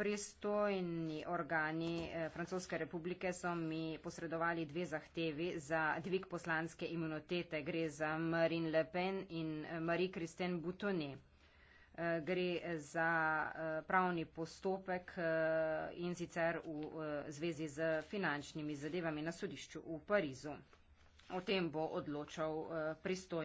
pristojni organi eh, Francoske republike so mi posredovali dve zahtevi za dvig poslanske imunitete. Gre za Marine Le Pen in eh, Marie-Christine Boutonni. Eh, gre za pravni postopek in sicer v zvezi z finančnimi zadevami na sodišču v Parizu. O tem bo odločal pristojni.